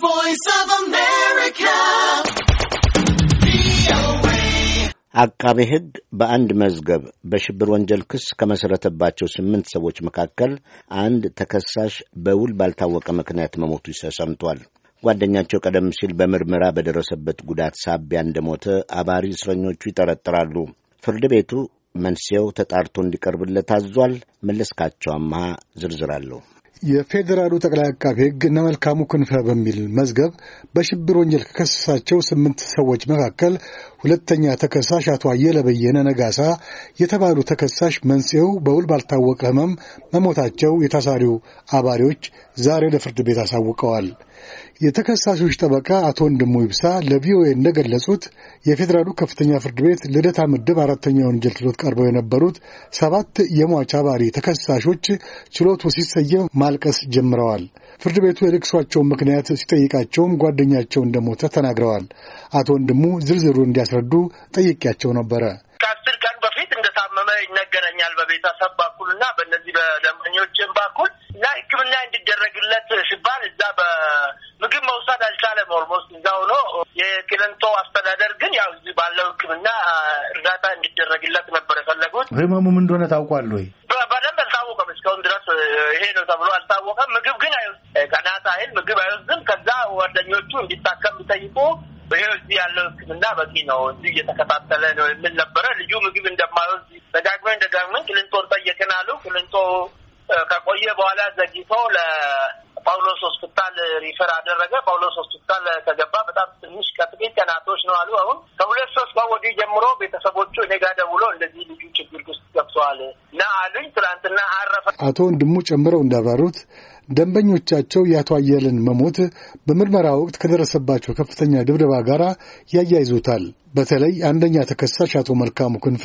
voice of America. አቃቤ ሕግ በአንድ መዝገብ በሽብር ወንጀል ክስ ከመሠረተባቸው ስምንት ሰዎች መካከል አንድ ተከሳሽ በውል ባልታወቀ ምክንያት መሞቱ ተሰምቷል። ጓደኛቸው ቀደም ሲል በምርመራ በደረሰበት ጉዳት ሳቢያ እንደሞተ አባሪ እስረኞቹ ይጠረጥራሉ። ፍርድ ቤቱ መንስኤው ተጣርቶ እንዲቀርብለት አዟል። መለስካቸው አምሃ ዝርዝር አለው። የፌዴራሉ ጠቅላይ አቃቢ ሕግ እነ መልካሙ ክንፈ በሚል መዝገብ በሽብር ወንጀል ከከሰሳቸው ስምንት ሰዎች መካከል ሁለተኛ ተከሳሽ አቶ አየለ በየነ ነጋሳ የተባሉ ተከሳሽ መንስኤው በውል ባልታወቀ ህመም መሞታቸው የታሳሪው አባሪዎች ዛሬ ለፍርድ ቤት አሳውቀዋል። የተከሳሾች ጠበቃ አቶ ወንድሙ ይብሳ ለቪኦኤ እንደገለጹት የፌዴራሉ ከፍተኛ ፍርድ ቤት ልደታ ምድብ አራተኛ ወንጀል ችሎት ቀርበው የነበሩት ሰባት የሟች አባሪ ተከሳሾች ችሎቱ ሲሰየም ማልቀስ ጀምረዋል። ፍርድ ቤቱ የልቅሷቸውን ምክንያት ሲጠይቃቸውም ጓደኛቸው እንደሞተ ተናግረዋል። አቶ ወንድሙ ዝርዝሩ እንዲያስረዱ ጠይቄያቸው ነበረ። ይነገረኛል በቤተሰብ በኩል እና በእነዚህ በደንበኞችን በኩል እና ሕክምና እንዲደረግለት ሲባል እዛ በምግብ መውሰድ አልቻለም። ኦልሞስት እዛ ሆኖ የክለንቶ አስተዳደር ግን ያው እዚህ ባለው ሕክምና እርዳታ እንዲደረግለት ነበር የፈለጉት። ህመሙም እንደሆነ ታውቋል ወይ? በደንብ አልታወቀም። እስካሁን ድረስ ይሄ ነው ተብሎ አልታወቀም። ምግብ ግን ቀናት አይል ምግብ አይወስድም። ከዛ ጓደኞቹ እንዲታ እዚህ ያለው ሕክምና በቂ ነው፣ እዚህ እየተከታተለ ነው የምል ነበረ። ልጁ ምግብ እንደማይወስድ ደጋግመን ደጋግመን ክሊንጦ ጠየቅን አሉ። ክሊንጦ ከቆየ በኋላ ዘግይቶ ለጳውሎስ ሆስፒታል ሪፈር አደረገ። ጳውሎስ ሆስፒታል ከገባ በጣም ትንሽ ከጥቂት ቀናቶች ነው አሉ። አሁን ከሁለት ሶስት ቀን ወዲህ ጀምሮ ቤተሰቦቹ እኔ ጋር ደውሎ እንደዚህ ልጁ ችግር ውስጥ ገብተዋል እና አሉኝ። ትናንትና አረፈ። አቶ ወንድሙ ጨምረው እንዳብራሩት ደንበኞቻቸው የአቶ አየለን መሞት በምርመራ ወቅት ከደረሰባቸው ከፍተኛ ድብደባ ጋር ያያይዙታል። በተለይ አንደኛ ተከሳሽ አቶ መልካሙ ክንፈ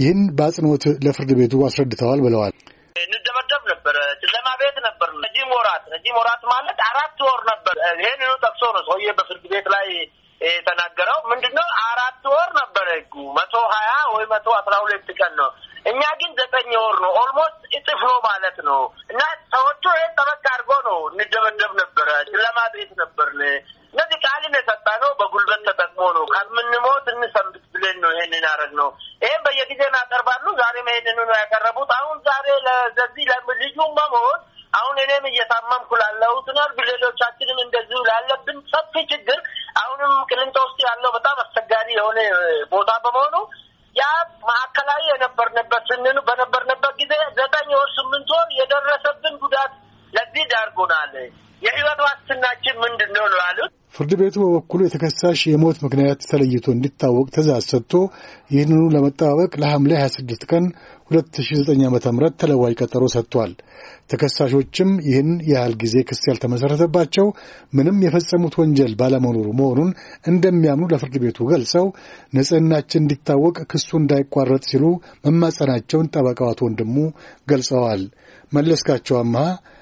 ይህን በአጽንኦት ለፍርድ ቤቱ አስረድተዋል ብለዋል። እንደበደብ ነበረ። ጨለማ ቤት ነበር። ረጅም ወራት ረጅም ወራት ማለት አራት ወር ነበር። ይህን ጠቅሶ ነው ሰውዬ በፍርድ ቤት ላይ የተናገረው ምንድነው? አራት ወር ነበረ ህጉ መቶ ሀያ ወይ መቶ አስራ ሁለት ቀን ነው። እኛ ግን ዘጠኝ ወር ነው ኦልሞስት ጥፍሮ ማለት ነው። እና ሰዎቹ ይህን ጠበቅ አድርጎ ነው እንደበደብ ነበረ። ጨለማ ነበር። እነዚህ ቃልን የሰጣ ነው በጉልበት ተጠቅሞ ነው። ከምንሞት እንሰንብት ብለን ነው ይህንን ያደረግ ነው። ይህም በየጊዜ እናቀርባሉ። ዛሬም ይህንኑ ነው ያቀረቡት። አሁን ዛሬ ለዚህ ለልዩ መሞት አሁን እኔም እየታመምኩ ላለሁት ነው ሌሎቻችንም እንደዚሁ ላለብን ሰፊ ችግር አሁንም ቅልንጦ ውስጥ ያለው በጣም አስቸጋሪ የሆነ ቦታ በመሆኑ ያ ማዕከላዊ የነበርንበት ስንኑ በነበር የንብረት ዋስትናችን ምንድን ነው ነው ያሉት። ፍርድ ቤቱ በበኩሉ የተከሳሽ የሞት ምክንያት ተለይቶ እንዲታወቅ ትእዛዝ ሰጥቶ ይህንኑ ለመጠባበቅ ለሐምሌ 26 ቀን 2009 ዓ ም ተለዋጭ ቀጠሮ ሰጥቷል። ተከሳሾችም ይህን ያህል ጊዜ ክስ ያልተመሠረተባቸው ምንም የፈጸሙት ወንጀል ባለመኖሩ መሆኑን እንደሚያምኑ ለፍርድ ቤቱ ገልጸው ንጽህናችን እንዲታወቅ ክሱ እንዳይቋረጥ ሲሉ መማጸናቸውን ጠበቃዋት ወንድሙ ገልጸዋል። መለስካቸው አምሃ